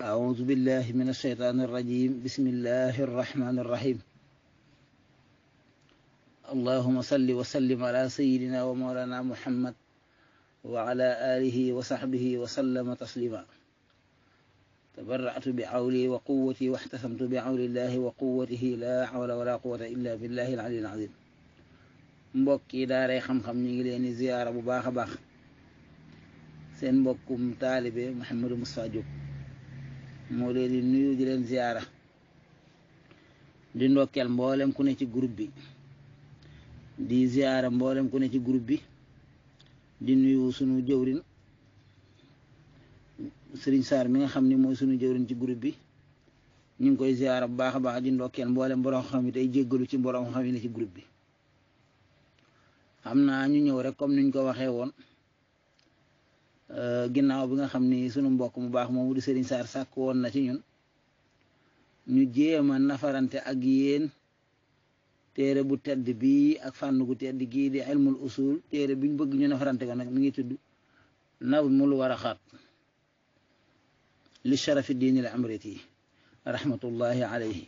أعوذ بالله من الشيطان الرجيم بسم الله الرحمن الرحيم اللهم صل وسلم على سيدنا ومولانا محمد وعلى آله وصحبه وسلم تسليما تبرعت بعولي وقوتي واحتسمت بعول الله وقوته لا حول ولا قوة إلا بالله العلي العظيم مبكي داري خم خم نيجليني زيارة leen باخ ziyaara bu baax a moo leen di nuyu di leen ziyaara di ndokkeel mboolem ku ne ci groupe bi di ziyaara mboolem ku ne ci groupe bi di nuyu sunu jëwrin sëriñ Saar mi nga xam ni mooy sunu jëwrin ci groupe bi ñu ngi koy ziyaara bu baax a baax di ndokkeel mboolem borom xam yi tey jéggalu ci borom xam yi ci groupe bi xam naa ñu ñëw rek comme niñ ko waxee woon Euh, ginnaaw bi nga xam ni sunu mbokk mu baax moomu di Serigne Sarr sàkk woon na ci ñun ñu jéem a nafarante ak yéen téere bu tedd bi ak fànn gu tedd gii di ilmul usul téere bi ñu bëgg ñu nafarante ko nag mu ngi tudd mu lu war Nadmul Waraqaat li sharafi diini al amriti rahmatullahi alayhi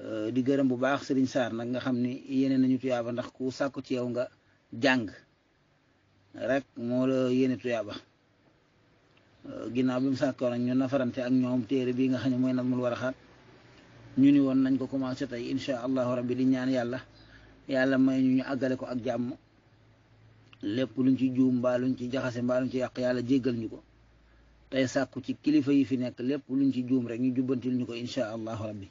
euh, di gërëm bu baax Serigne Sarr nag nga xam ni yeneen nañu tuyaaba ndax ku sàkku ci yow nga jàng rek moo la yéene tuyaaba euh, ginnaaw bi mu sàkkoon ak ñun nafarante ak ñoom téere bii nga xam ne mooy Nadmul Waraqaat ñu ni woon nañ ko commencé tey incha allahu rabbi di ñaan yàlla yàlla may ñu ñu àggale ko ak jàmm lépp luñ ci juum mbaaluñ luñ ci jaxase mbaa ci yàq yàlla jéggal ñu ko tey sàkku ci kilifa yi fi nekk lépp luñ ci juum rek ñu jubbantil ñu ko in allahu rabbi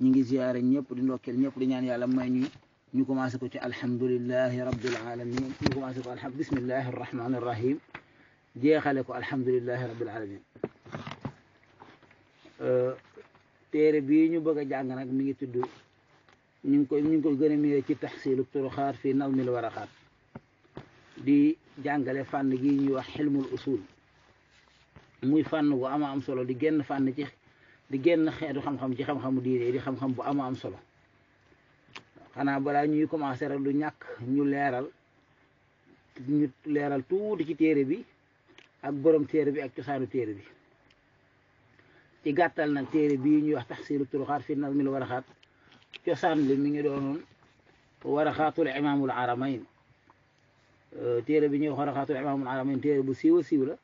ñu ngi ziyaare ñëpp di ndokkeel ñëpp di ñaan yàlla may ñu ñu commencé ko ci alhamdulillahi rabbil alamin ñu commencé ko jeexale ko alhamdulillahi rabbil alamin euh, téere bi ñu bëgg a jàng nag mi ngi tudd ñu ngi koy ñu ngi koy gën a miire ci taxsilu turuxaat fi nawmil waraxaat di jàngale fànn gi ñuy wax xilmul usul muy fànn bu ama am solo di génn fànn ci di génn xeetu xam-xam ci xam-xamu diine di xam-xam bu ama am solo xanaa balaa ñuy commencer lu ñàkk ñu leeral ñu leeral tuuti ci téere bi ak borom téere bi ak cosaanu téere bi ci gàttal nag téere bii ñuy wax taxsiilu turuxaat fi nazmil waraxaat cosaan li mi ngi doonoon waraxaatul imaamul aramayn euh, téere bi ñuy wax waraxaatul imaamul aramayn téere bu siiw a siiw la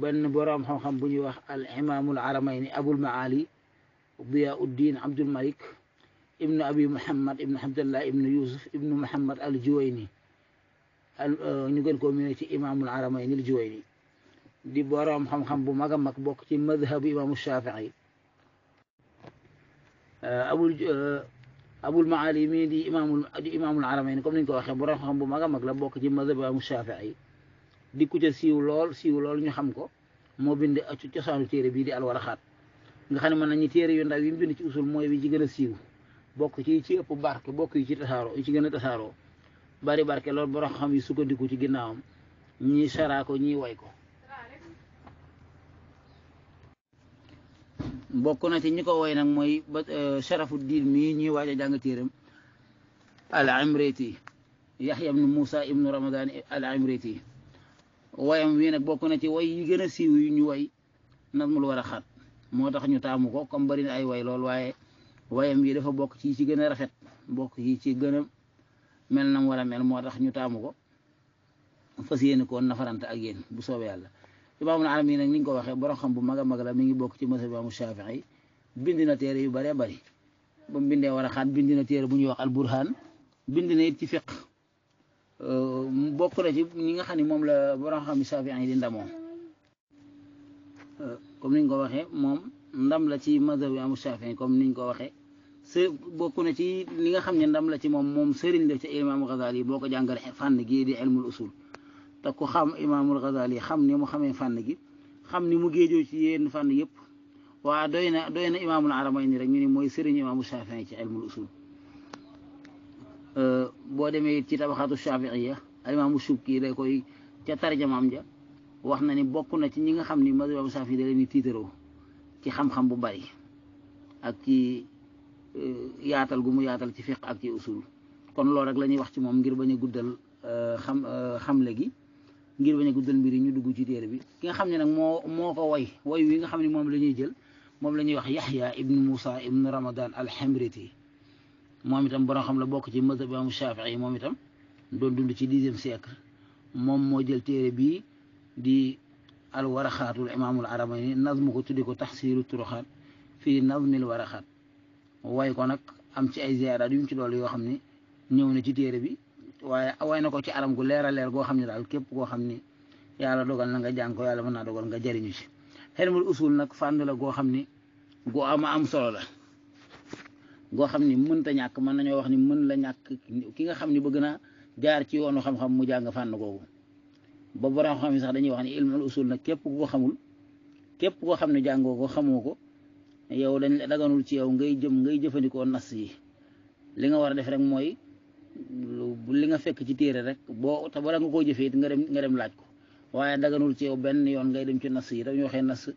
benn borom xam-xam bu ñuy wax al imaamul aramayn abul maali diyaa uddin abdul malik ابن أبي محمد ابن عبد الله ابن يوسف ابن محمد الجويني نقول كوميونيتي إمام العرمين الجويني دي haramayni al خم بو boroom xam-xam bu mag a mag bokk ابو المعالي imaamu دي امام دي امام العرمين كوم نينكو di imaamul خم بو ni ñu ko waxee boroom xam-xam bu mag a سيو لول bokk ci madhabu imaamu Shaafi'i di ku ca siiw lool siiw lool ñu nga xam man mën nañu téere yu ndaw yi mu bind ci usul moy bi ci gëna siiw bokk ci ci ëpp barke bokk yi ci tasaaroo yi ci gën a tasaaroo bari barke lool borom xam yi sukkandiku ci ginnaawam ñii saraa ko ñii way ko bokk na ci ñi ko way nag mooy ba eh, sharafu diin mii ñuy waaj a jàng téeram al imriti yaxya ibnu moussa ibnu ramadan al imriti wayam wii nag bokk na ci way yi gën a siiw yu ñu woy nag mul war a xat moo tax ñu taamu ko comme bari ay way lool waaye wayam yi dafa bokk ci ci gën a rafet bokk yi ci gën a mel na mu war a mel moo tax ñu taamu ko fas yéene koon nafarante ak yéen bu soobee yàlla imaamul arab yi nag ni ñu ko waxee borom xam bu mag a mag la mi ngi bokk ci mazhab imaamu Shaafi'i yi bind na téere yu bëree bëri ba bindee war a xaat na téere bu ñuy wax alburhaan bind na it ci fiq euh, bokk na ci nga xam ne moom la borom xam Shaafi'i yi ndamoo euh, comme ni ñu ko waxee moom ndam la ci mazhab imaamu Shaafi'i yi comme ni ko waxee se bokk na ci li nga xam ne ndam la ci moom moom sëriñ la ci imaam Ghazali boo ko jàngal fànn gi di ilmul usul ku xam imaamul Ghazali xam ni mu xamee fànn gi xam ni mu géejoo ci yéen fànn yëpp waa doy na doy na imaamul Aramayni rek ñu ne mooy sëriñ imaamu Shafii ci ilmul usul euh, demee ci tabaxaatu Shafiiya imaamu Shubki day koy ca tarjamaam ja wax na ni bokk na ci ñi nga xam ni mazhabu Shafii da leen di tiitaroo ci xam-xam bu bari ak ci yaatal gu mu yaatal ci fiq ak ci usul kon loolu rek la ñuy wax ci moom ngir bañ a guddal xam xamle gi ngir bañ a guddal mbir ñu dugg ci téere bi ki nga xam ne nag moo way way wi nga xam ne moom jël moom la wax yaxya ibnu moussa ibnu ramadan alxamriti moom itam borom xam la bokk ci mazhab imaamu shafii mom itam doon dund ci dixième siècle moom moo jël téere bii di alwaraxaatul imaamul arabani nazmu ko tuddi ko taxsiiru turuxaat nazmil waraxaat way ko nag am ci ay ziaraat yu mu ci dool yoo xam ni ñëw na ci téere bi waaye way na ko ci aram gu leer a leer goo xam ne daal képp koo xam ni yàlla dogal na nga jàng ko yàlla mën naa dogal nga jëriñu ci nag fànn la goo xam ni gu ama am solo la goo xam ni mënta ñàkk mën nañoo wax ni mën la ñàkk ki nga xam ni bëgg na jaar ci yoonu xam-xam mu jàng fànn googu ba borom xam yi sax dañuy wax ni ilmul usul nag képp koo xamul képp koo xam ne jàngoo ko xamoo ko yow dañ la daganul ci yow ngay jëm ngay jëfandikoo nas yi li nga war a def rek mooy li nga fekk ci téere rek boo te bala nga koo jëfee it nga dem nga dem laaj ko waaye daganul ci yow benn yoon ngay dem ci nas yi dañuy waxee nas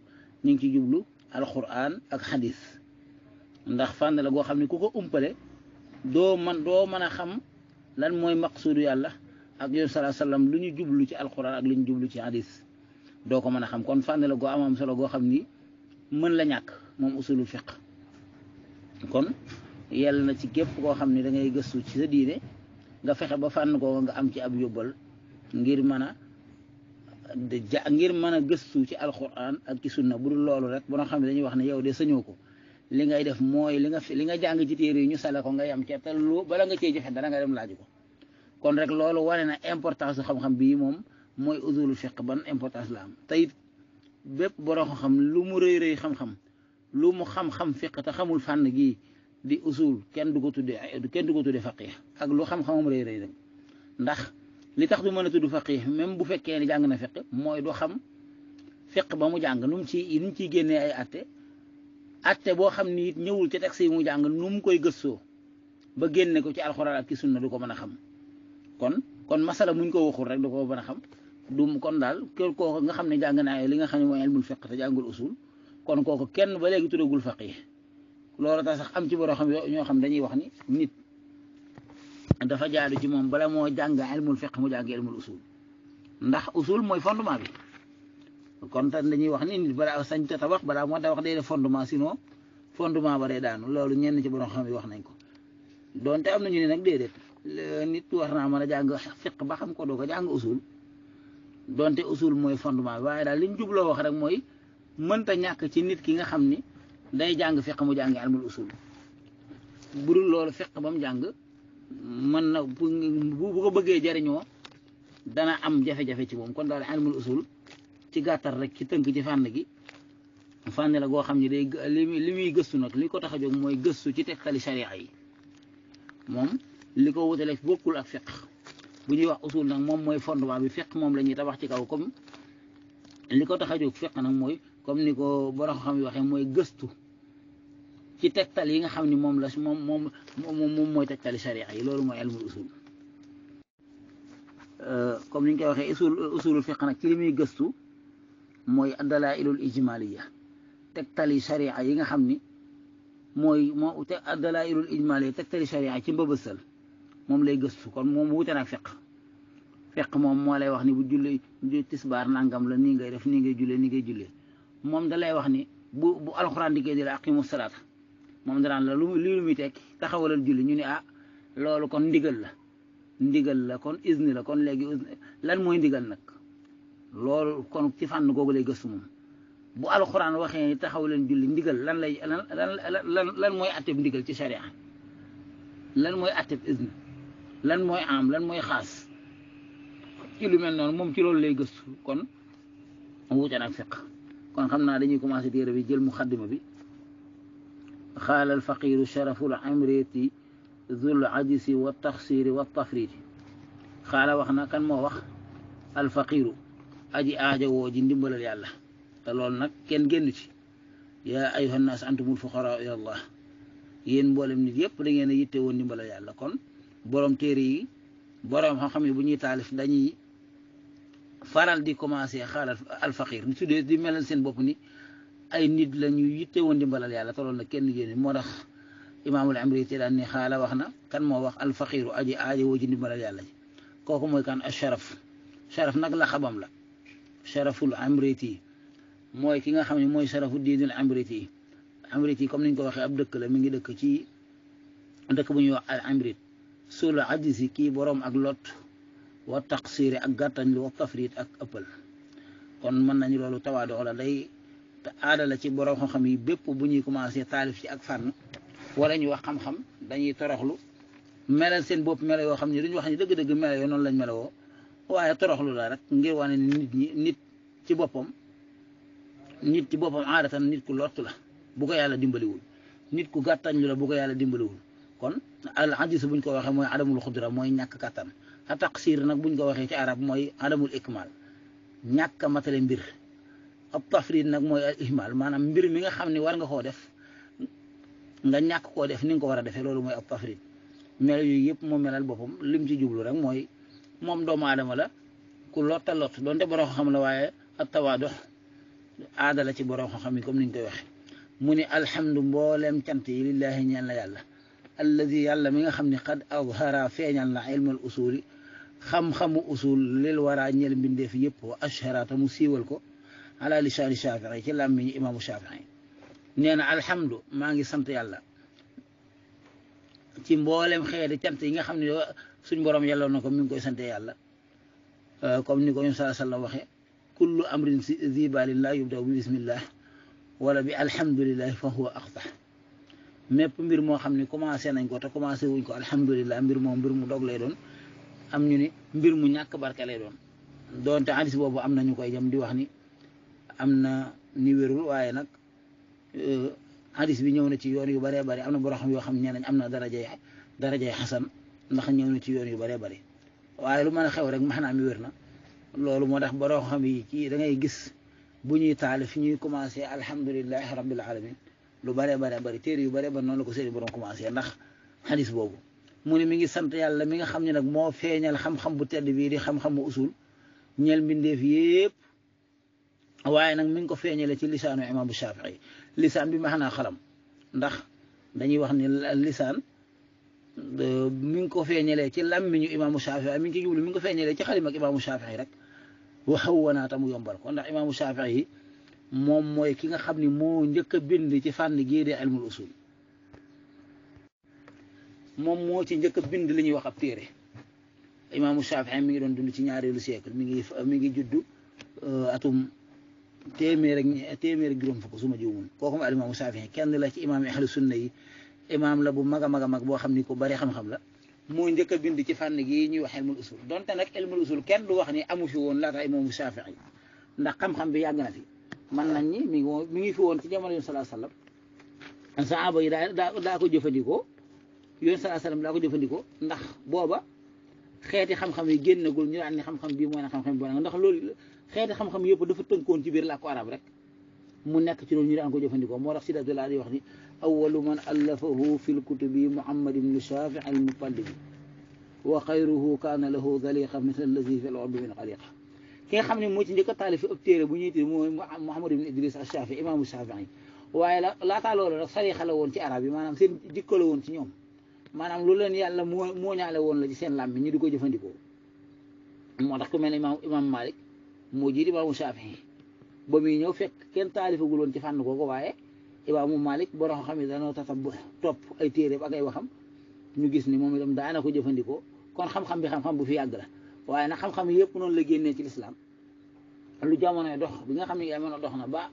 ñu ngi ci jublu alquran ak xadiis ndax fànn la goo xam ne ku ko umpale doo man doo mën a xam lan mooy maqsuudu yàlla ak yow salaa sallam lu ñu jublu ci alquran ak lu ñu jublu ci xadis doo ko mën a xam kon fànn la goo am solo goo xam ni mën la ñàkk mom usulul fiqh kon yàlla na ci gep ko xamni da ngay geussu ci sa diine nga fexe ba fànn ko nga am ci ab yóbbal ngir mana de ja ngir mana geussu ci alquran ak ci sunna bu dul lolu rek bu nga xamni dañuy wax ni yow de sañoo ko li ngay def moy li nga li nga jàng ci tere ñu salako nga yam ci te lu bala nga ci jexé dara nga dem laaj ko kon rek lolu wane na importance xam-xam bi mom moy usulul fiqh ban importance la am tayit bép bépp borom xam-xam lu mu rëy rëy xam-xam. lu mu xam-xam fiq te xamul fànn gi di usul kenn du ko tuddee kenn du ko tuddee faqih ak lu xam-xamam rey rëy rek ndax li tax du mën a tudd faqih même bu fekkee ne jàng na fiq mooy du xam fiq ba mu jàng nu mu ciy ciy génnee ay atte atte boo xam ni it ñëwul ci texte yi mu jàng nu mu koy gëstoo ba génne ko ci alxuraan ak ci sunna du ko mën a xam kon kon masala muñ ko waxul rek du ko mën a xam du kon daal kër koo nga xam ne jàng naa li nga xam ne mooy ilmul fiq te jàngul usul kon kooku kenn ba léegi turagul faqih loolu tax sax am ci boro xam ñoo xam dañuy wax ni nit dafa jaadu ci moom bala moo jàng ilmul fiq mu jàng ilmul usul ndax usul mooy fondement bi kon dañuy wax ni nit balaa sañ te tabax balaa moo tabax day fondement sinon fondement ba day daanu loolu ñenn ci boro xam yi wax nañ ko donte am na nañu ne nag déedéet nit war naa mën a jàng fiq ba xam ko doog ko jàng usul donte usul mooy fondement bi waaye daal li ñu jubloo wax rek mooy mënta ñàkk ci nit ki nga xam ni day jàng fiq mu jàngi almul usul bu du loolu fiq ba mu jàng mën na bu ko bëggee jariñoo dana am jafe-jafe ci moom kon daal almul usul ci gàttar rek ci tënk ci fànn gi fànn la goo xam ni day li muy gëstu nag li ko tax a jóg mooy gëstu ci tegtali sharia yi moom li ko wutale bokkul ak fiq bu ñuy wax usul nag moom mooy fondement bi fiq moom la ñuy tabax ci kaw comme li ko tax a jóg fiq nag mooy comme ni ko borom xam yi waxee mooy gëstu ci tegtal yi nga xam ni moom la moom moom moom mooy tegtali sharia yi loolu mooy ilmul usul euh, comme ni ñu koy waxee usul usulul fiq nag ci li muy gëstu mooy addalailul ijmaliya tegtali sharia yi nga xam ni mooy moo te addalailul ijmaliya tegtali sharia ci mbëbësal moom lay gëstu kon moom wute nag fiq fiq moom moo lay wax ni bu julli tisbaar nangam la nii ngay def nii ngay jullee nii ngay jullee moom da lay wax ni bu bu alxuraan dikkee di la aqimu salaata moom danaan la lu lii lu muy tekki taxawalal julli ñu ni ah loolu kon ndigal la ndigal la kon izni la kon léegi lan mooy ndigal nag loolu kon ci fànn googu lay gëstu moom bu alxuraan waxee ni taxaw leen julli ndigal lan lay lan mooy atteb ndigal ci sharia lan mooy atteb izni lan mooy am lan mooy xaas ci lu mel noonu moom ci loolu lay gëstu kon wuute nag fekk kon xam naa dañuy commencé téere bi jël muxaddima bi xaala alfaqiru sharaful amriti zul ajisi wa taxsiri wa tafriti xaala wax na kan moo wax alfaqiru aji aaja woo ji ndimbalal yàlla te loolu nag kenn génn ci yaa ayuha nnaas antumul fuqaraa ila allah yéen mboolem nit yëpp da ngeen a yitte woon ndimbalal yàlla kon borom téere yi borom xam-xam yi bu ñuy taalif dañuy faral di commencé xaalal alfaqir ñu di melal seen bopp ni ay nit la ñu yitte woon dimbalal yàlla toloon na kenn yéen moo tax imaamul amri te daan ni xaala wax na kan moo wax alfaqiru aji aajo woo ci dimbalal yàlla ji kooku mooy kan asharaf sharaf nag la xabam la sharaful amriti mooy ki nga xam ne mooy sharafu diinul amriti amriti comme niñ ko waxee ab dëkk la mu ngi dëkk ci dëkk bu ñuy al amrit sula ajisi kii borom ak lot wa taqsiiri ak gàttañ lu wa tafrit ak ëppal kon mën nañ loolu tawaado la day te ci borom xam-xam yi bépp bu ñuy commencé taalif ci ak fànn wala ñu wax xam dañuy toroxlu melal seen bopp melo yoo xam ne duñu wax ni dëgg-dëgg melo yoo noonu lañ meloo waaye toroxlu la rek ngir wane ne nit ñi nit ci boppam nit ci boppam aadatan nit ku lott la bu ko yàlla dimbaliwul nit ku gàttañ lu la bu ko yàlla dimbaliwul kon al ajis buñ ko waxee mooy adamul xudra mooy ñàkk kàttan a taqsir nag buñ ko waxee ci arab mooy adamul ikmal ñàkk a matale mbir ab tafrid nag mooy al ihmal maanaam mbir mi nga xam ne war nga koo def nga ñàkk koo def ni nga ko war a defee loolu mooy ab tafrid mel yooyu yëpp moo melal boppam lim ci jublu rek mooy moom doomu aadama la ku lotta lot doonte boroo xam la waaye ak tawaadox aada la ci boroo xam yi comme niñ koy waxe mu ni alhamdu mbooleem cant lillahi ñeel na yàlla alladi mi nga xam ne xad azhara feeñal na ilmal usuli xam-xamu usul lil waraa yëpp wa mu siiwal ko ala lisaani ci làmmiñu imaamu shafii nee na alhamdu maa ngi sant yàlla ci mboolem xeeti cant yi nga xam ne suñ borom yàlla na ko mi ngi koy sante yàlla euh, comme ni ko ñoom sallallahu waxee kullu amrin zi baalin laa yubdaw bismillah wala bi alhamdulilah fa huwa axta mépp mbir moo xam ne commencé nañ ko te commencé wuñ ko alhamdulilah mbir moom mbir mu dog lay doon am ñu ni mbir mu ñàkk barke lay doon doonte hadis boobu am na ñu koy jëm di wax ni am na ni wérul waaye nag euh, hadis bi ñëw na ci yoon yu bëree bëri am na borom yoo xam ne nañ am na darajay darajay xasan ndax ñëw na ci yoon yu bëree bëri waaye lu mën a xew rek maanaam mi wér na loolu moo tax borom xam yi ci da ngay gis bu ñuy taal fi ñuy commencé alhamdulilahi rabbil alamin lu bëree bëri bëri téere yu bare ba noonu la ko seen borom commencé ndax hadis boobu. mu ne mi ngi sant yàlla mi nga xam ne nag moo feeñal xam-xam bu tedd bii di xam-xam bu usul ñeel mbindeef yépp waaye nag mi ngi ko feeñale ci lisaanu imaamu Shafii lisaan bi maanaa xalam ndax dañuy wax ni lisaan euh, mi ngi ko feeñalee ci làmmiñu imaamu Shafii mi ngi ci jublu mi ngi ko feeñalee ci xalim ak imaamu Shafii rek waxawwanaata mu yombal ko ndax imaamu Shafii moom mooy ki nga xam ni moo njëkk a bind ci fànn gii di ilmul usul mom mo ci njëkk bind li ñuy wax ab téré imam Shafii mi ngi doon dund ci lu siècle mi ngi mi ngi juddu euh, atum témer ak téeméer ak juróom fukk su ma koku mo imam Shafii kenn la ci imam ahli sunna yi imam la bu maga maga mag bo xamni ko bari xam-xam la moy njëkk bind ci fann gi ñuy wax ilmul usul donte nak ilmul usul kenn du wax ni amu fi la ta imam Shafii ndax xam-xam bi yag na fi man nañ ni mi ngi fi won ci sallallahu wasallam sahaba yi da ko jëfëndiko yoon saa salaam laa ko jëfandikoo ndax booba xeeti xam-xam yi génnagul ñu daan ne xam-xam bii mooy na xam-xam bi ndax loolu xeeti xam-xam yëpp dafa tënkoon ci biir làkku arab rek mu nekk ci loolu ñu daan ko jëfandikoo moo tax Sidatullah di wax ni awalu man allafahu fi lkutubi muhammad ibnu shafi al muqallibi wa xayruhu kaana lahu daliqa misla allazi fi lorbi min xaliqa ki nga xam ne moo ci njëkk a taalif ab téere bu ñuy tudd mooy muhammad ibnu idris al shafi imaamu shafi waaye la laataa loolu rek sariixa la woon ci arab yi maanaam seen jikko la woon ci ñoom maanaam lu leen yàlla moo moo ñaale woon la ci seen làmmi ñu di ko jëfandikoo moo tax ku mel ne imaam imaam Malik moo jiit imaamu Shaafi'i ba muy ñëw fekk kenn taalifagu loon ci fànn ko kooku waaye imaamu Malik boroo xam ne danoo tatab topp ay téere ak ay waxam ñu gis ni moom itam daana ko jëfandikoo kon xam-xam bi xam-xam bu fi yàgg la waaye nag xam-xam yëpp noonu la génnee ci lislaam lu jamonoy dox bi nga xam ne jamono dox na ba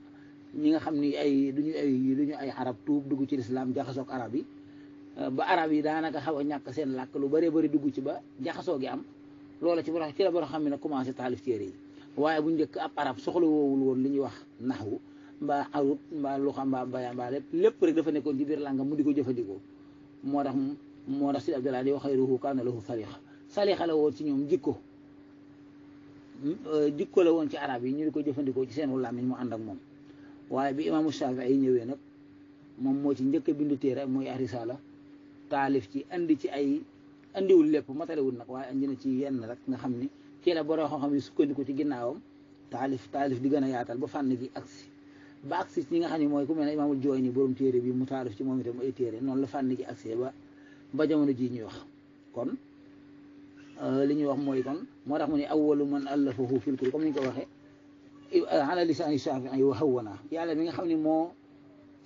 ñi nga xam ni ay duñu ay duñu ay arab tuub dugg ci lislaam jaxasook arab yi ba araab yi daanaka xaw a ñàkk seen làkk lu bëree bëri dugg ci ba jaxasoo gi am loola ci borom ci la borom xam ne commencé taalif téere yi waaye bu njëkk ab arab soxla woowul woon li ñuy wax naxwu mbaa arut mbaa luxa mbaa bayaan mbaa lépp lépp rek dafa nekkoon ci biir làngam mu di ko jëfandikoo moo tax moo tax Sidi Abdallah di wax xayruhu kaana lahu salixa salixa la ci ñoom jikko hmm? euh, jikko la woon ci arab yi ñu ko jëfandikoo ci seen làmmiñ mu ànd moom waaye bi imaamu Shafii ñëwee nag moom moo ci njëkk a bindu téere mooy arisala taalif ci andi ci ay andiwul lépp matalewul nag waaye andi na ci yenn rek nga xam ni ci la borom xam-xam yi sukkandiku ci ginnaawam taalif taalif di gën a yaatal ba fànn gi agsi ba agsi ci ñi nga xam ne mooy ku mel ne imaamul jooy ni borom bi mu taalif ci moom itam ay téere noonu la fànn gi agsi ba ba jamono jii ñuy wax kon euh, li ñuy wax mooy kon moo tax mu ne awwalu man allafahu fil kutub comme ni ñu ko waxee ala lisaani shaafi'i wa hawana yàlla mi nga xam moo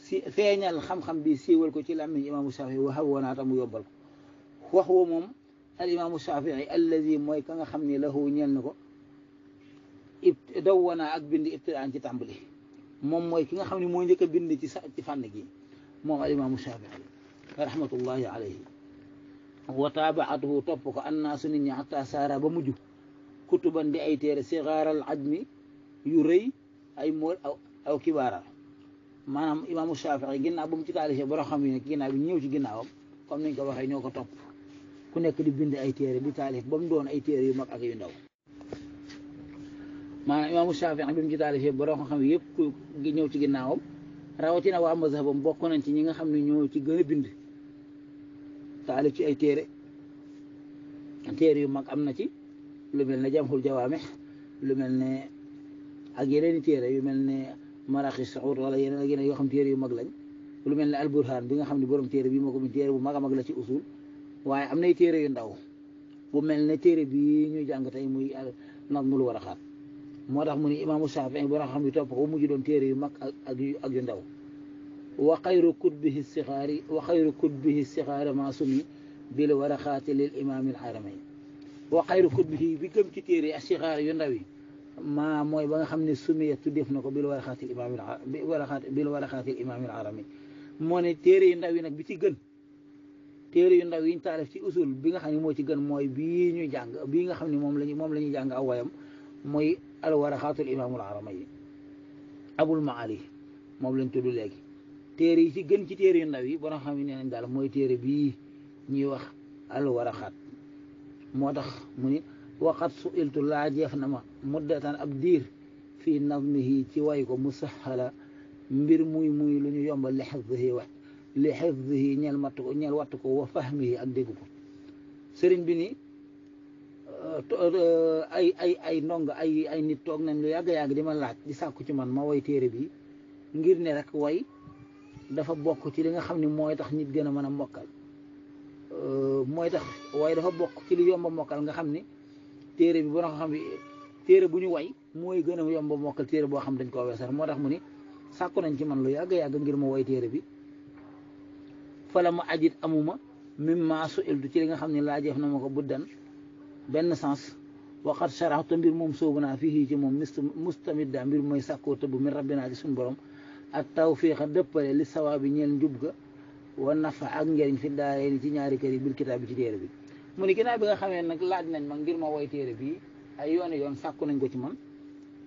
si feeñal xam-xam bi siiwal ko ci làmmiñ imaamu Shafii wa hawwanaata mu yóbbal ko wax wa moom al imaamu Shafii allazi mooy ka nga xam ne lahu ñeel na ko dawwana ak bind ibtidaan ci tàmbali moom mooy ki nga xam ne moo njëkk a bind ci sa ci fànn gi moom al imaamu Shafii rahmatullahi alayhi wa taabaatuhu topp ko annaasu nit ñi xataa saara ba mujj kutuban di ay téere sigaaral ajmi yu rëy ay mool aw aw kibaara maanaam imaamu Shaafi'i ginnaaw ba mu ci taalise borom xam yi nekk ginnaaw bi ñëw ci ginnaawam comme niñ ko waxee ñoo ko topp ku nekk di bind ay téere di taalif ba mu doon ay téere yu mag ak yu ndaw maanaam imaamu Shaafi'i bi ci taalise borom xam yëpp ku ñëw ci ginnaawam rawatina waa mazhabam bokk nañ ci ñi nga xam ne ñoo ci gën a bind ci ay téere téere yu mag am na ci lu mel ne jamxul jawaame lu mel ne ak yeneen i téere yu mel ne maraqi saxuur wala yeneen ak yeneen yoo xam téere yu mag lañ lu mel ne alburhaan bi nga xam ne borom téere bi moo ko bind téere a mag usul waaye am nay téere yu ndaw bu mel ne téere bi ñuy jàng tey muy nazmul waraqaat moo tax mu ne imaamu Shaafi'i borom xam ne topp mu mujj doon téere yu mag ak ak yu ndaw wa xayru kutubihi sixaari wa xayru kutubihi sixaari maa sumi bil waraqaati lil imaamil haramayn wa xayru kutubihi bi gëm ci téere yi ak sixaari yu ndaw yi maa mooy ba nga xam ne sumiya def na ko bil waraxaatil imaamil bil waraxaatil imaamil arami moo ne téere yu ndaw yi nag bi ci gën téere yu ndaw yiñ taalif ci usul bi nga xam ne moo ci gën mooy bii ñu jàng bii nga xam ne moom lañu moom la ñuy jàng aw wayam mooy al waraxaatul imaamul arami abul maali moom lañ tudd léegi téere yi ci gën ci téere yu ndaw yi ba nga xam ne nee nañ daal mooy téere bii ñuy wax al waraxaat moo tax mu ni waxat su iltu laajeef na ma muddatan ab diir fii nazmihi ci way ko musahala mbir muy muy lu ñu yombal li xifdihi wax li xifdihi ñeel matt ko ñeel watt ko wa fahmihi ak dégg ko sëriñ bi ni eh, ay ay ay ndong ay ay nit toog nañ lu yàgg-yàgg di ma laaj di sàkku ci man ma way téere bi ngir ne rek way dafa bokk ci li nga xam ne mooy tax nit gën a mën a mokkal eh, mooy tax way dafa bokk ci mokkal nga xam ni téere bi bu nga xam ne téere bu ñu way mooy gën a yomb mokkal téere boo xam dañ koo weesal moo tax mu ni sàkku nañ ci man lu yàgg yàgg ngir ma way téere bi fala ma ajit amuma mim maasu ildu ci li nga xam ne laajeef na ma ko buddan benn sens waxat saraxta mbir moom soobu naa fii ci moom mustamidda mbir mooy sàkkoo tëbb min rabbinaa ci suñu borom ak tawfiixa dëppale li sawaa bi ñeel njub ga wa nafa ak njëriñ fi daare ni ci ñaari kër yi bi ci téere bi mu ne ginnaaw bi nga xamee nag laaj nañ ma ngir ma woy téere bii ay yoon yoon sàkku nañ ko ci man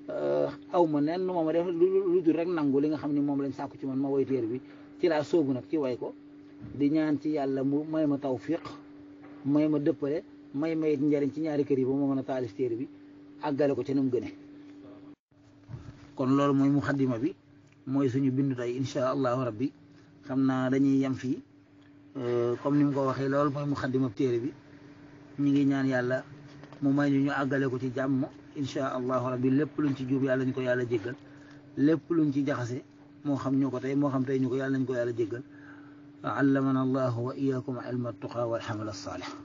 euh, aw ma nen nu ma ma def lu dul rek nangu li nga xam ne moom lañ sàkku ci man ma woy téere bi ci laa soobu nag ci way ko di ñaan ci yàlla mu may ma tawfiq may ma dëppale may ma njariñ ci ñaari kër yi ba ma mën a taalif téere bi àggale ko ca nu mu gëne kon loolu mooy muxaddima bi mooy suñu bindu tey incha allahu rabbi xam naa dañuy yam fii euh, comme ni mu ko waxee loolu mooy muxaddima téere bi ñu ngi ñaan yàlla mu may ñu ñu àggale ko ci jàmm insha allahu rabbi lépp ñu ci juub yàlla ñu ko yàlla jéggal lu ñu ci jaxase moo xam ñu ko tey moo xam tey ñu ko yàlla ñu ko yàlla jéggal allamana allahu wa iyakum ilma tuqa walxamal salih